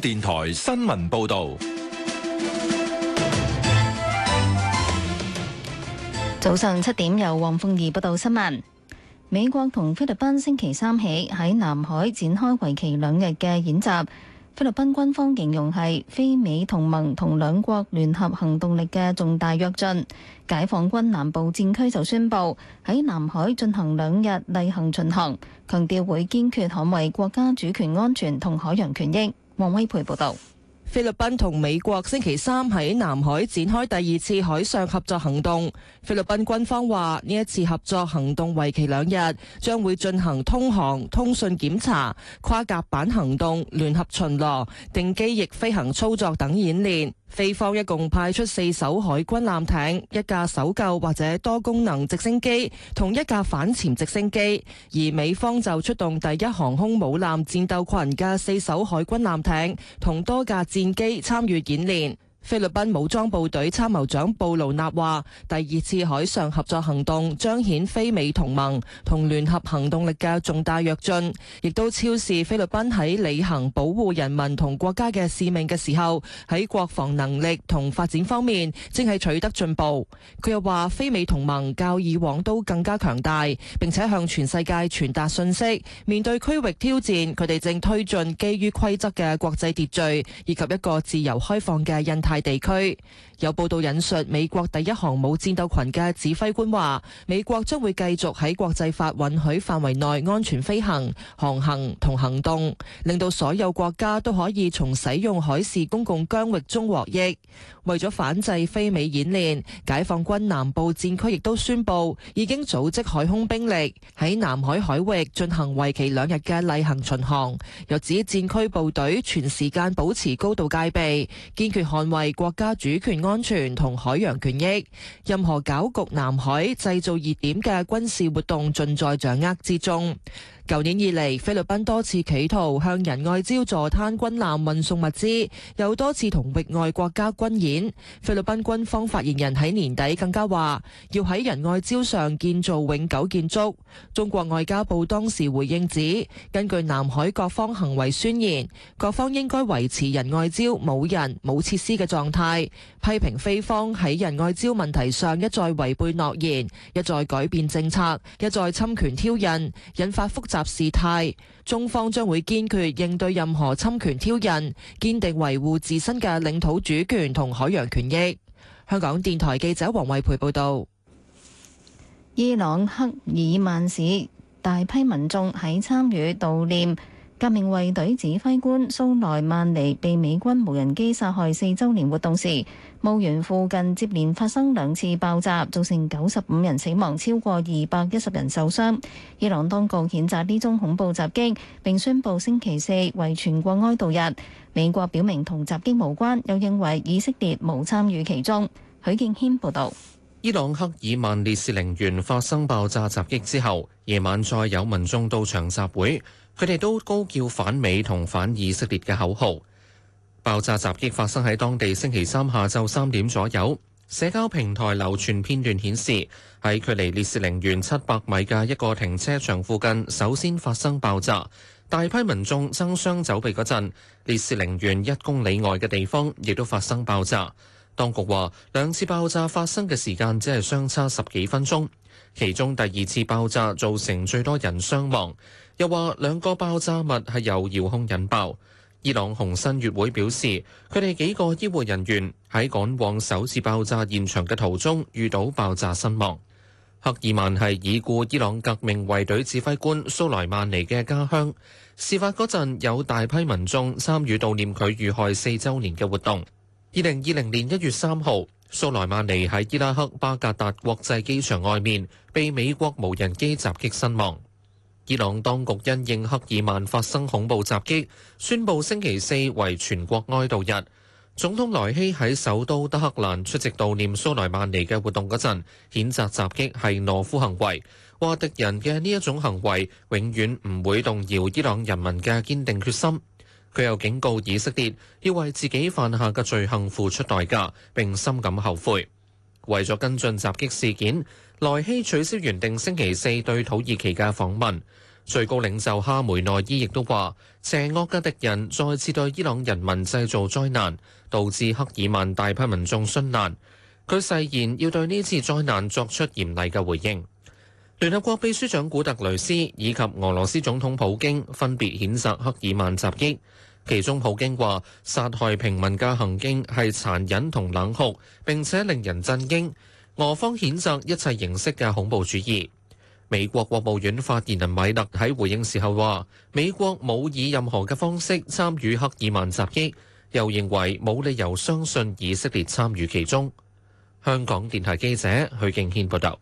電台新聞報道，早上七點有黃鳳儀報道新聞。美國同菲律賓星期三起喺南海展開為期兩日嘅演習。菲律賓軍方形容係非美同盟同兩國聯合行動力嘅重大躍進。解放軍南部戰區就宣布喺南海進行兩日例行巡航，強調會堅決捍衛國家主權、安全同海洋權益。王威培報道：菲律賓同美國星期三喺南海展開第二次海上合作行動。菲律賓軍方話，呢一次合作行動為期兩日，將會進行通航、通訊檢查、跨甲板行動、聯合巡邏、定機翼飛行操作等演練。菲方一共派出四艘海軍艦艇、一架搜救或者多功能直升機、同一架反潛直升機，而美方就出動第一航空母艦戰鬥群嘅四艘海軍艦艇同多架戰機參與演練。菲律賓武裝部隊參謀長布勞納話，第二次海上合作行動彰顯非美同盟同聯合行動力嘅重大躍進，亦都超視菲律賓喺履行保護人民同國家嘅使命嘅時候，喺國防能力同發展方面正係取得進步。佢又話，非美同盟較以往都更加強大，並且向全世界傳達信息，面對區域挑戰，佢哋正推進基於規則嘅國際秩序以及一個自由開放嘅印太。地區。有報道引述美國第一航母戰鬥群嘅指揮官話：美國將會繼續喺國際法允許範圍內安全飛行、航行同行動，令到所有國家都可以從使用海事公共疆域中獲益。為咗反制菲美演練，解放軍南部戰區亦都宣布已經組織海空兵力喺南海海域進行為期兩日嘅例行巡航，又指戰區部隊全時間保持高度戒備，堅決捍衛國家主權。安全同海洋權益，任何搞局南海、製造熱點嘅軍事活動，盡在掌握之中。舊年以嚟，菲律賓多次企圖向仁愛礁坐灘軍艦運送物資，又多次同域外國家軍演。菲律賓軍方發言人喺年底更加話，要喺仁愛礁上建造永久建築。中國外交部當時回應指，根據南海各方行為宣言，各方應該維持仁愛礁冇人冇設施嘅狀態，批評菲方喺仁愛礁問題上一再違背諾言，一再改變政策，一再侵權挑釁，引發複雜及事態，中方將會堅決應對任何侵權挑釁，堅定維護自身嘅領土主權同海洋權益。香港電台記者黃慧培報道。伊朗克爾曼市大批民眾喺參與悼念革命衛隊指揮官蘇萊曼尼被美軍無人機殺害四週年活動時，墓園附近接連發生兩次爆炸，造成九十五人死亡，超過二百一十人受傷。伊朗當局譴責呢宗恐怖襲擊，並宣布星期四為全國哀悼日。美國表明同襲擊無關，又認為以色列無參與其中。許敬軒報道。伊朗克爾曼烈士陵園發生爆炸襲擊之後，夜晚再有民眾到場集會，佢哋都高叫反美同反以色列嘅口號。爆炸襲擊發生喺當地星期三下晝三點左右。社交平台流傳片段顯示，喺距離烈士陵園七百米嘅一個停車場附近，首先發生爆炸，大批民眾爭相走避嗰陣，烈士陵園一公里外嘅地方亦都發生爆炸。當局話兩次爆炸發生嘅時間只係相差十幾分鐘，其中第二次爆炸造成最多人傷亡。又話兩個爆炸物係由遙控引爆。伊朗紅新月會表示，佢哋幾個醫護人員喺趕往首次爆炸現場嘅途中遇到爆炸身亡。克爾曼係已故伊朗革命衛隊指揮官蘇萊曼尼嘅家鄉，事發嗰陣有大批民眾參與悼念佢遇害四週年嘅活動。二零二零年一月三號，蘇萊曼尼喺伊拉克巴格達國際機場外面被美國無人機襲擊身亡。伊朗當局因應克爾曼發生恐怖襲擊，宣布星期四為全國哀悼日。總統萊希喺首都德黑蘭出席悼念蘇萊曼尼嘅活動嗰陣，譴責襲擊係懦夫行為，話敵人嘅呢一種行為永遠唔會動搖伊朗人民嘅堅定決心。佢又警告以色列要為自己犯下嘅罪行付出代價，並深感後悔。為咗跟進襲擊事件，萊希取消原定星期四對土耳其嘅訪問。最高領袖哈梅內伊亦都話：邪惡嘅敵人再次對伊朗人民製造災難，導致克爾曼大批民眾殉難。佢誓言要對呢次災難作出嚴厲嘅回應。聯合國秘書長古特雷斯以及俄羅斯總統普京分別譴責克爾曼襲擊，其中普京話殺害平民嘅行徑係殘忍同冷酷，並且令人震驚。俄方譴責一切形式嘅恐怖主義。美國國務院發言人米勒喺回應時候話：美國冇以任何嘅方式參與克爾曼襲擊，又認為冇理由相信以色列參與其中。香港電台記者許敬軒報道。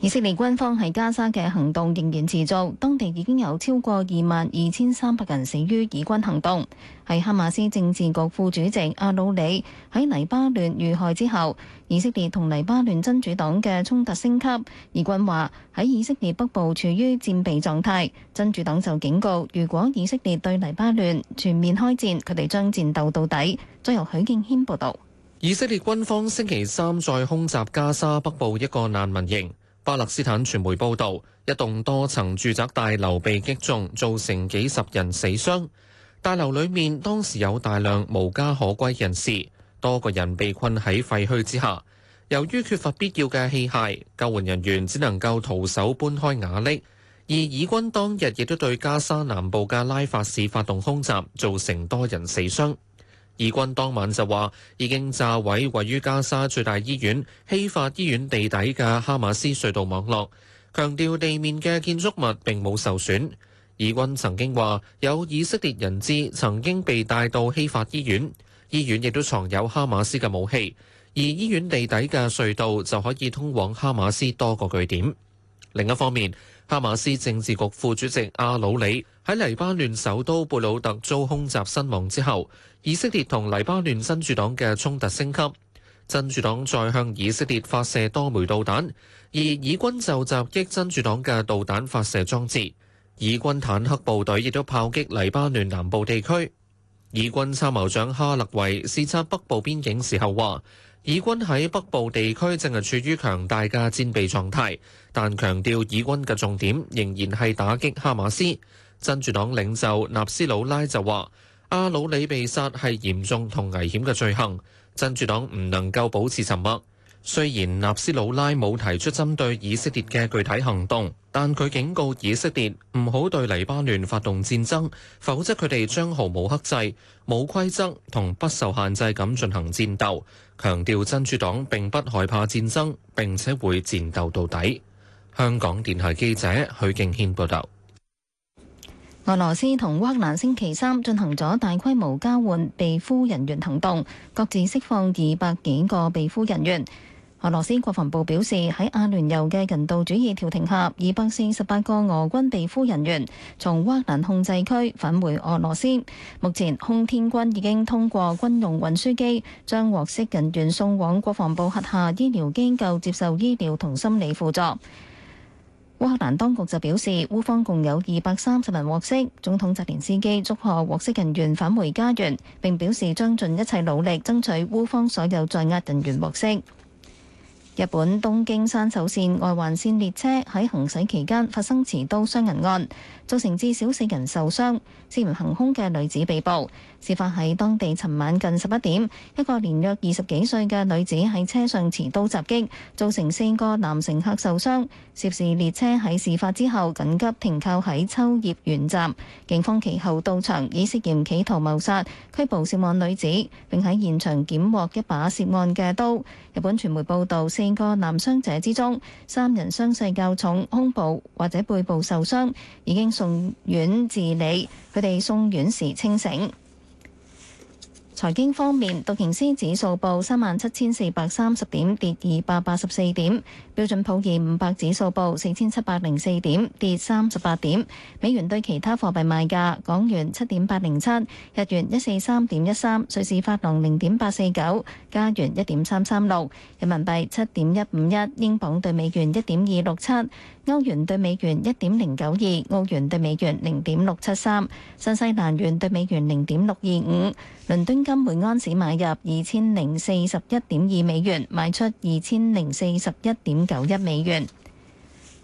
以色列軍方喺加沙嘅行動仍然持續，當地已經有超過二萬二千三百人死於以軍行動。喺哈馬斯政治局副主席阿魯里喺黎巴嫩遇害之後，以色列同黎巴嫩真主黨嘅衝突升級。以軍話喺以色列北部處於戰備狀態，真主黨就警告，如果以色列對黎巴嫩全面開戰，佢哋將戰鬥到底。再由許敬軒報導。以色列軍方星期三再空襲加沙北部一個難民營。巴勒斯坦傳媒報道，一棟多層住宅大樓被擊中，造成幾十人死傷。大樓裏面當時有大量無家可歸人士，多個人被困喺廢墟之下。由於缺乏必要嘅器械，救援人員只能夠徒手搬開瓦礫。而以軍當日亦都對加沙南部嘅拉法市發動空襲，造成多人死傷。以軍當晚就話已經炸毀位於加沙最大醫院希法醫院地底嘅哈馬斯隧道網絡，強調地面嘅建築物並冇受損。以軍曾經話有以色列人質曾經被帶到希法醫院，醫院亦都藏有哈馬斯嘅武器，而醫院地底嘅隧道就可以通往哈馬斯多個據點。另一方面，哈馬斯政治局副主席阿魯里喺黎巴嫩首都貝魯特遭空襲身亡之後，以色列同黎巴嫩真主黨嘅衝突升級，真主黨再向以色列發射多枚導彈，而以軍就襲擊真主黨嘅導彈發射裝置，以軍坦克部隊亦都炮擊黎巴嫩南部地區。以軍參謀長哈勒維視察北部邊境時候話：以軍喺北部地區正係處於強大嘅戰備狀態，但強調以軍嘅重點仍然係打擊哈馬斯。真主黨領袖納斯魯拉就話：阿魯里被殺係嚴重同危險嘅罪行，真主黨唔能夠保持沉默。雖然納斯魯拉冇提出針對以色列嘅具體行動，但佢警告以色列唔好對黎巴嫩發動戰爭，否則佢哋將毫無克制、冇規則同不受限制咁進行戰鬥。強調真主黨並不害怕戰爭，並且會戰鬥到底。香港電台記者許敬軒報導。俄羅斯同烏克蘭星期三進行咗大規模交換被俘人員行動，各自釋放二百幾個被俘人員。俄羅斯國防部表示，喺阿聯酋嘅人道主義調停下，二百四十八個俄軍被俘人員從烏克蘭控制區返回俄羅斯。目前，空天軍已經通過軍用運輸機將獲釋人員送往國防部轄下醫療機構接受醫療同心理輔助。烏克蘭當局就表示，烏方共有二百三十人獲釋。總統澤連斯基祝賀獲釋人員返回家園，並表示將盡一切努力爭取烏方所有在押人員獲釋。日本東京山手線外環線列車喺行駛期間發生持刀傷人案，造成至少四人受傷，涉嫌行兇嘅女子被捕。事發喺當地尋晚近十一點，一個年約二十幾歲嘅女子喺車上持刀襲擊，造成四個男乘客受傷。涉事列車喺事發之後緊急停靠喺秋葉原站，警方其後到場，以涉嫌企圖謀殺拘捕涉案女子，並喺現場檢獲一把涉案嘅刀。日本傳媒報導，五個男傷者之中，三人傷勢較重，胸部或者背部受傷，已經送院治理。佢哋送院時清醒。財經方面，道瓊斯指數報三萬七千四百三十點，跌二百八十四點。標準普爾五百指數報四千七百零四點，跌三十八點。美元對其他貨幣賣價：港元七點八零七，日元一四三點一三，瑞士法郎零點八四九，加元一點三三六，人民幣七點一五一，英鎊對美元一點二六七，歐元對美元一點零九二，澳元對美元零點六七三，新西蘭元對美元零點六二五。倫敦金每盎司買入二千零四十一點二美元，賣出二千零四十一點九一美元。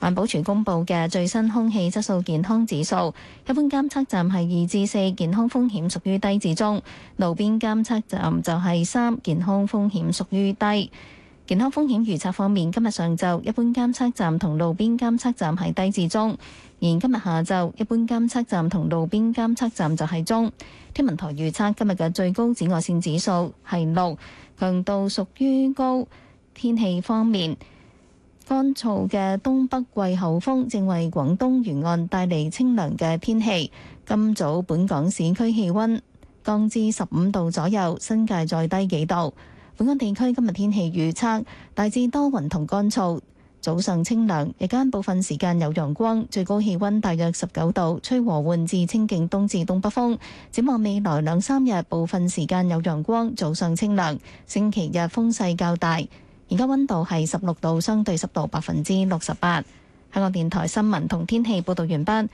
環保署公布嘅最新空氣質素健康指數，一般監測站係二至四，健康風險屬於低至中；路邊監測站就係三，健康風險屬於低。健康風險預測方面，今日上晝一般監測站同路邊監測站係低至中，而今日下晝一般監測站同路邊監測站就係中。天文台預測今日嘅最高紫外線指數係六，強度屬於高。天氣方面。乾燥嘅東北季候風正為廣東沿岸帶嚟清涼嘅天氣，今早本港市區氣溫降至十五度左右，新界再低幾度。本港地區今日天氣預測大致多雲同乾燥，早上清涼，日間部分時間有陽光，最高氣溫大約十九度，吹和緩至清勁東至東北風，展望未來兩三日，部分時間有陽光，早上清涼，星期日風勢較大。而家溫度係十六度，相對濕度百分之六十八。香港電台新聞同天氣報道完畢。